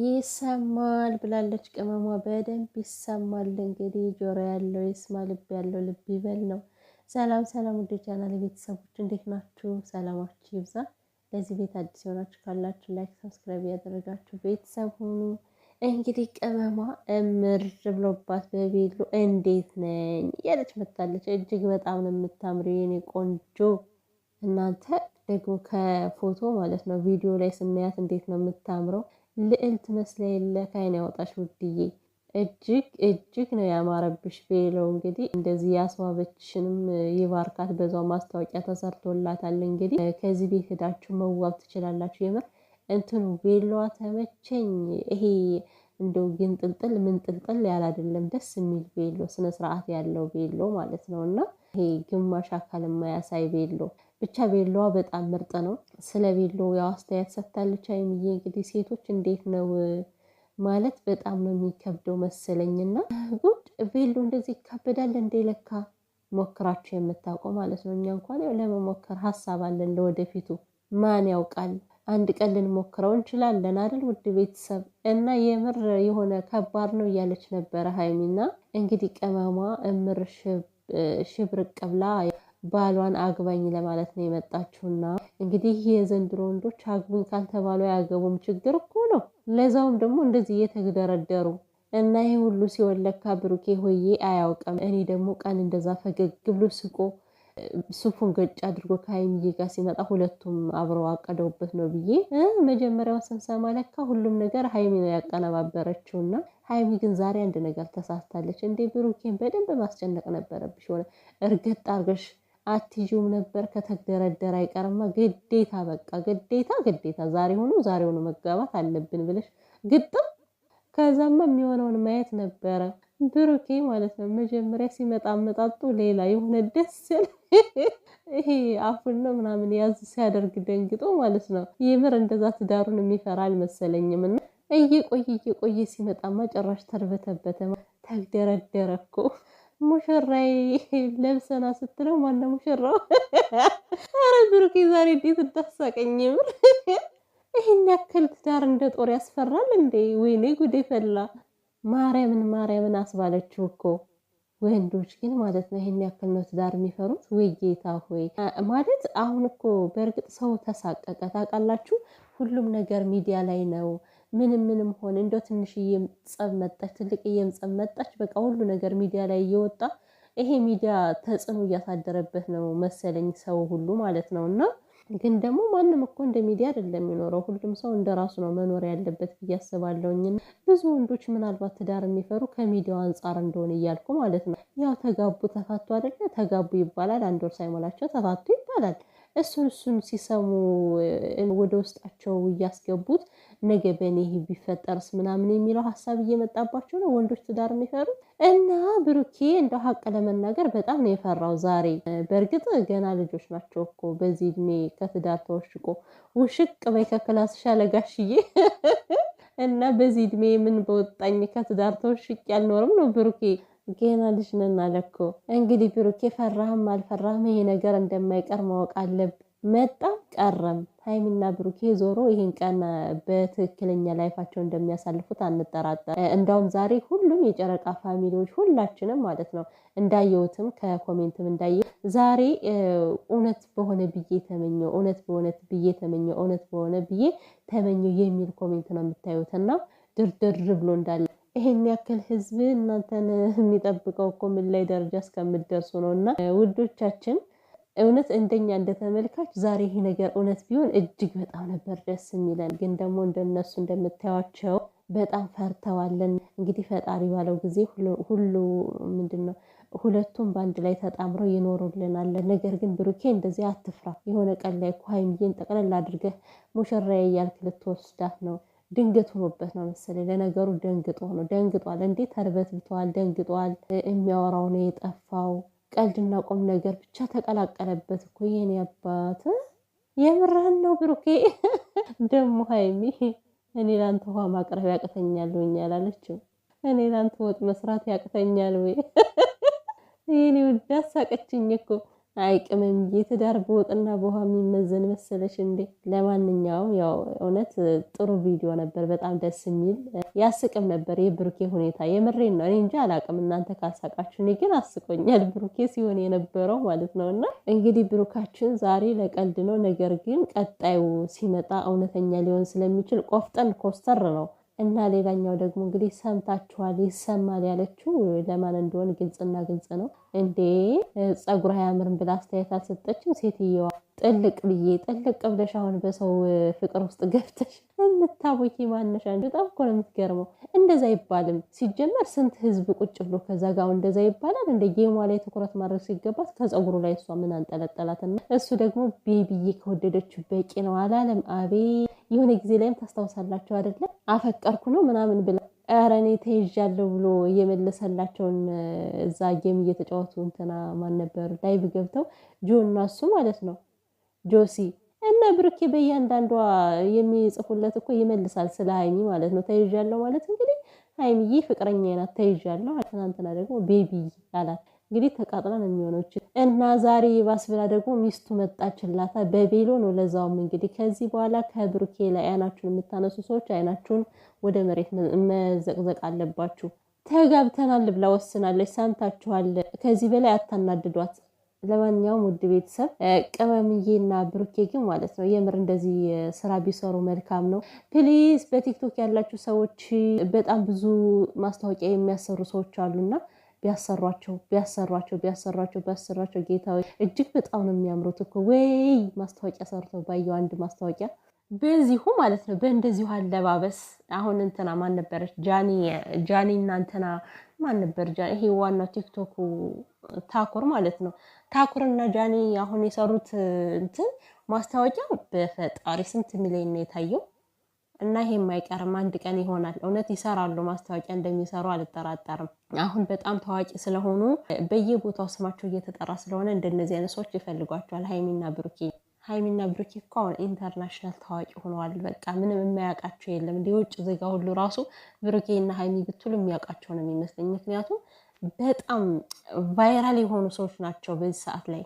ይሰማል ብላለች ቅመሟ። በደንብ ይሰማል። እንግዲህ ጆሮ ያለው ይስማ፣ ልብ ያለው ልብ ይበል ነው። ሰላም ሰላም፣ ውድ ቻናል ቤተሰቦች እንዴት ናችሁ? ሰላማችሁ ይብዛ። ለዚህ ቤት አዲስ የሆናችሁ ካላችሁ ላይክ፣ ሰብስክራይብ ያደረጋችሁ ቤተሰብ ሁኑ። እንግዲህ ቅመሟ እምር ብሎባት በቤሉ እንዴት ነኝ እያለች መታለች። እጅግ በጣም ነው የምታምሪ የኔ ቆንጆ። እናንተ ደግሞ ከፎቶ ማለት ነው ቪዲዮ ላይ ስናያት እንዴት ነው የምታምረው ልዕልት መስለ የለ ካይን ያወጣሽ ውድዬ እጅግ እጅግ ነው ያማረብሽ ብለው እንግዲህ እንደዚህ ያስዋበችንም ይባርካት። በዛው ማስታወቂያ ተሰርቶላታል። እንግዲህ ከዚህ ቤት ሄዳችሁ መዋብ ትችላላችሁ። የምር እንትኑ ቤሏ ተመቸኝ። ይሄ እንደው ግንጥልጥል ምንጥልጥል ያለ አይደለም፣ ደስ የሚል ቤሎ፣ ስነስርዓት ያለው ቤሎ ማለት ነው እና ይሄ ግማሽ አካል የማያሳይ ቤሎ ብቻ ቤሎዋ በጣም ምርጥ ነው። ስለ ቤሎ ያው አስተያየት ሰጥታለች ሀይሚዬ። እንግዲህ ሴቶች እንዴት ነው ማለት በጣም ነው የሚከብደው መሰለኝና ጉድ ቤሎ እንደዚህ ይከብዳል እንዴ? ለካ ሞክራችሁ የምታውቀው ማለት ነው። እኛ እንኳን ያው ለመሞከር ሀሳብ አለን ለወደፊቱ ማን ያውቃል አንድ ቀን ልንሞክረው እንችላለን አይደል? ውድ ቤተሰብ እና የምር የሆነ ከባድ ነው እያለች ነበረ ሀይሚና እንግዲህ ቅመሟ እምር ሽብርቅ ብላ ባሏን አግባኝ ለማለት ነው የመጣችሁና እንግዲህ የዘንድሮ ወንዶች አግቡኝ ካልተባሉ አያገቡም። ችግር እኮ ነው። ለዛውም ደግሞ እንደዚህ እየተግደረደሩ እና ይሄ ሁሉ ሲወለካ ብሩኬ ሆዬ አያውቅም። እኔ ደግሞ ቀን እንደዛ ፈገግ ብሎ ስቆ ሱፉን ገጭ አድርጎ ከሀይሚዬ ጋር ሲመጣ ሁለቱም አብረው አቀደውበት ነው ብዬ መጀመሪያው ስንሰማ ለካ ሁሉም ነገር ሀይሚ ነው ያቀነባበረችው እና ሀይሚ ግን ዛሬ አንድ ነገር ተሳስታለች። እንዴ ብሩኬን በደንብ ማስጨነቅ ነበረብሽ። ሆነ እርግጥ አርገሽ አትዩም ነበር ከተደረደረ አይቀርማ ግዴታ በቃ ግዴታ ግዴታ ዛሬ ሆኖ ዛሬ ሆኖ መጋባት አለብን ብለሽ ግጥም። ከዛማ የሚሆነውን ማየት ነበረ ብሩኬ ማለት ነው። መጀመሪያ ሲመጣ መጣጡ ሌላ የሆነ ደስ ያለ ይሄ አፉን ነው ምናምን ያዝ ሲያደርግ ደንግጦ ማለት ነው። የምር እንደዛ ትዳሩን የሚፈራ አልመሰለኝም። እና እየቆየ እየቆየ ሲመጣማ ጭራሽ ተርበተበተ ተግደረደረ እኮ ሙሽራይ ለብሰና ስትለው ማነ ሙሽራው? አረ ብሩኬ ዛሬ እንዴት እንዳሳቀኝ ምር ይህን ያክል ትዳር እንደ ጦር ያስፈራል እንዴ? ወይኔ ጉዴ ፈላ። ማርያምን ማርያምን አስባለችው እኮ ወንዶች ግን ማለት ነው ይህን ያክል ነው ትዳር የሚፈሩት? ወይ ጌታ ሆይ ማለት አሁን እኮ በእርግጥ ሰው ተሳቀቀ ታውቃላችሁ። ሁሉም ነገር ሚዲያ ላይ ነው። ምንም ምንም ሆነ እንደው ትንሽዬም ጸብ መጣች፣ ትልቅዬም ጸብ መጣች፣ በቃ ሁሉ ነገር ሚዲያ ላይ እየወጣ ይሄ ሚዲያ ተጽዕኖ እያሳደረበት ነው መሰለኝ ሰው ሁሉ ማለት ነው። እና ግን ደግሞ ማንም እኮ እንደ ሚዲያ አይደለም የሚኖረው። ሁሉም ሰው እንደ ራሱ ነው መኖር ያለበት ብዬ አስባለሁኝ። ብዙ ወንዶች ምናልባት ትዳር የሚፈሩ ከሚዲያው አንጻር እንደሆነ እያልኩ ማለት ነው። ያው ተጋቡ ተፋቱ አይደለ? ተጋቡ ይባላል፣ አንድ ወር ሳይሞላቸው ተፋቱ ይባላል። እሱን እሱን ሲሰሙ ወደ ውስጣቸው እያስገቡት ነገ በእኔ ቢፈጠርስ ምናምን የሚለው ሀሳብ እየመጣባቸው ነው ወንዶች ትዳር የሚፈሩት። እና ብሩኬ እንደው ሀቅ ለመናገር በጣም ነው የፈራው ዛሬ። በእርግጥ ገና ልጆች ናቸው እኮ በዚህ እድሜ ከትዳር ተወሽቆ ውሽቅ በይ ከክላስሽ አለጋሽዬ። እና በዚህ እድሜ ምን በወጣኝ ከትዳር ተወሽቅ ያልኖርም ነው ብሩኬ ገና ልጅ ነን እንግዲህ ብሩኬ ፈራህም አልፈራህም ይሄ ነገር እንደማይቀር ማወቅ አለብን። መጣም ቀረም ሀይሚና ብሩኬ ዞሮ ይህን ቀን በትክክለኛ ላይፋቸው እንደሚያሳልፉት አንጠራጠር። እንዳውም ዛሬ ሁሉም የጨረቃ ፋሚሊዎች ሁላችንም ማለት ነው እንዳየሁትም ከኮሜንትም እንዳየ ዛሬ እውነት በሆነ ብዬ ተመኘው፣ እውነት በሆነ ብዬ ተመኘው፣ እውነት በሆነ ብዬ ተመኘው የሚል ኮሜንት ነው የምታዩትና ድርድር ብሎ እንዳለ ይሄን ያክል ህዝብ እናንተን የሚጠብቀው እኮ ምን ላይ ደረጃ እስከምደርሱ ነው። እና ውዶቻችን እውነት እንደኛ እንደ ተመልካች ዛሬ ይሄ ነገር እውነት ቢሆን እጅግ በጣም ነበር ደስ የሚለን። ግን ደግሞ እንደነሱ እንደምታያቸው በጣም ፈርተዋለን። እንግዲህ ፈጣሪ ባለው ጊዜ ሁሉ ምንድን ነው ሁለቱም በአንድ ላይ ተጣምረው ይኖሩልናል። ነገር ግን ብሩኬ እንደዚህ አትፍራ። የሆነ ቀን ላይ እኮ ጠቅለል አድርገህ ሙሽራዬ እያልክ ልትወስዳት ነው ድንገት ሆኖበት ነው መሰለኝ። ለነገሩ ደንግጦ ነው ደንግጧል። እንዴ ተርበትብተዋል፣ ደንግጧል። የሚያወራው ነው የጠፋው። ቀልድና ቁም ነገር ብቻ ተቀላቀለበት እኮ የኔ አባት። የምርህን ነው ብሩኬ? ደሞ ሀይሚ እኔ ላንተ ውሃ ማቅረብ ያቅተኛል ወይ አላለችም? እኔ ላንተ ወጥ መስራት ያቅተኛል ወይ? ይህኔ ውዳ ሳቀችኝ እኮ አይ ቅመምዬ በወጥና በውሃ የሚመዘን መሰለሽ እንዴ? ለማንኛውም ያው እውነት ጥሩ ቪዲዮ ነበር፣ በጣም ደስ የሚል ያስቅም ነበር የብሩኬ ሁኔታ። የምሬን ነው፣ እኔ እንጂ አላቅም እናንተ ካሳቃችሁ፣ እኔ ግን አስቆኛል ብሩኬ ሲሆን የነበረው ማለት ነው። እና እንግዲህ ብሩካችን ዛሬ ለቀልድ ነው፣ ነገር ግን ቀጣዩ ሲመጣ እውነተኛ ሊሆን ስለሚችል ቆፍጠን ኮስተር ነው እና ሌላኛው ደግሞ እንግዲህ ሰምታችኋል ይሰማል ያለችው ለማን እንደሆን ግልጽና ግልጽ ነው። እንዴ ጸጉር አያምርም ብላ አስተያየት አልሰጠችም ሴትየዋ። ጥልቅ ብዬ ጥልቅ ብለሽ አሁን በሰው ፍቅር ውስጥ ገብተሽ የምታቦኪ ማነሻ? በጣም እኮ ነው የምትገርመው። እንደዛ ይባልም ሲጀመር። ስንት ህዝብ ቁጭ ብሎ ከዛ ጋር እንደዛ ይባላል? እንደ ጌማ ላይ ትኩረት ማድረግ ሲገባት ከፀጉሩ ላይ እሷ ምን አንጠለጠላትና እሱ ደግሞ ቤቢዬ ከወደደችው በቂ ነው አላለም? አቤ የሆነ ጊዜ ላይም ታስታውሳላቸው አይደለም? አፈቀርኩ ነው ምናምን ብላ ኧረ እኔ ተይዣለሁ ብሎ የመለሰላቸውን እዛ ጌም እየተጫወቱ እንትና ማን ነበር ላይቭ ገብተው ጆና እሱ ማለት ነው ጆሲ እና ብሩኬ በእያንዳንዷ የሚጽፉለት እኮ ይመልሳል። ስለ ሀይሚ ማለት ነው ተይዣለሁ ማለት እንግዲህ ሀይሚዬ ፍቅረኛ ናት ተይዣለሁ። ትናንትና ደግሞ ቤቢ አላት እንግዲህ ተቃጥላ ነው የሚሆነች እና ዛሬ ባስብላ ብላ ደግሞ ሚስቱ መጣችላታ በቤሎ ነው። ለዛውም እንግዲህ ከዚህ በኋላ ከብሩኬ ላይ አይናችሁን የምታነሱ ሰዎች አይናችሁን ወደ መሬት መዘቅዘቅ አለባችሁ። ተጋብተናል ብላ ወስናለች። ሰምታችኋል። ከዚህ በላይ አታናድዷት። ለማንኛውም ውድ ቤተሰብ ቅመምዬና ብሩኬ ግን ማለት ነው የምር እንደዚህ ስራ ቢሰሩ መልካም ነው። ፕሊዝ በቲክቶክ ያላችሁ ሰዎች በጣም ብዙ ማስታወቂያ የሚያሰሩ ሰዎች አሉና ቢያሰሯቸው ቢያሰሯቸው ቢያሰሯቸው ቢያሰሯቸው ጌታ እጅግ በጣም ነው የሚያምሩት እኮ ወይ ማስታወቂያ ሰርተው ባየው አንድ ማስታወቂያ በዚሁ ማለት ነው በእንደዚሁ አለባበስ አሁን እንትና ማን ነበረች ጃኒ ጃኒ እና እንትና ማን ነበር ጃኒ? ይሄ ዋናው ቲክቶኩ ታኩር ማለት ነው። ታኩር እና ጃኒ አሁን የሰሩት እንትን ማስታወቂያ በፈጣሪ ስንት ሚሊዮን ነው የታየው። እና ይሄ የማይቀርም አንድ ቀን ይሆናል። እውነት ይሰራሉ፣ ማስታወቂያ እንደሚሰሩ አልጠራጠርም። አሁን በጣም ታዋቂ ስለሆኑ በየቦታው ስማቸው እየተጠራ ስለሆነ እንደነዚህ አይነት ሰዎች ይፈልጓቸዋል ሀይሚና ብሩኬ ሀይሚና ብሩኬ እኮ አሁን ኢንተርናሽናል ታዋቂ ሆነዋል። በቃ ምንም የማያውቃቸው የለም። እንደ ውጭ ዜጋ ሁሉ ራሱ ብሩኬና ሀይሚ ብትሉ የሚያውቃቸው ነው የሚመስለኝ። ምክንያቱም በጣም ቫይራል የሆኑ ሰዎች ናቸው በዚህ ሰዓት ላይ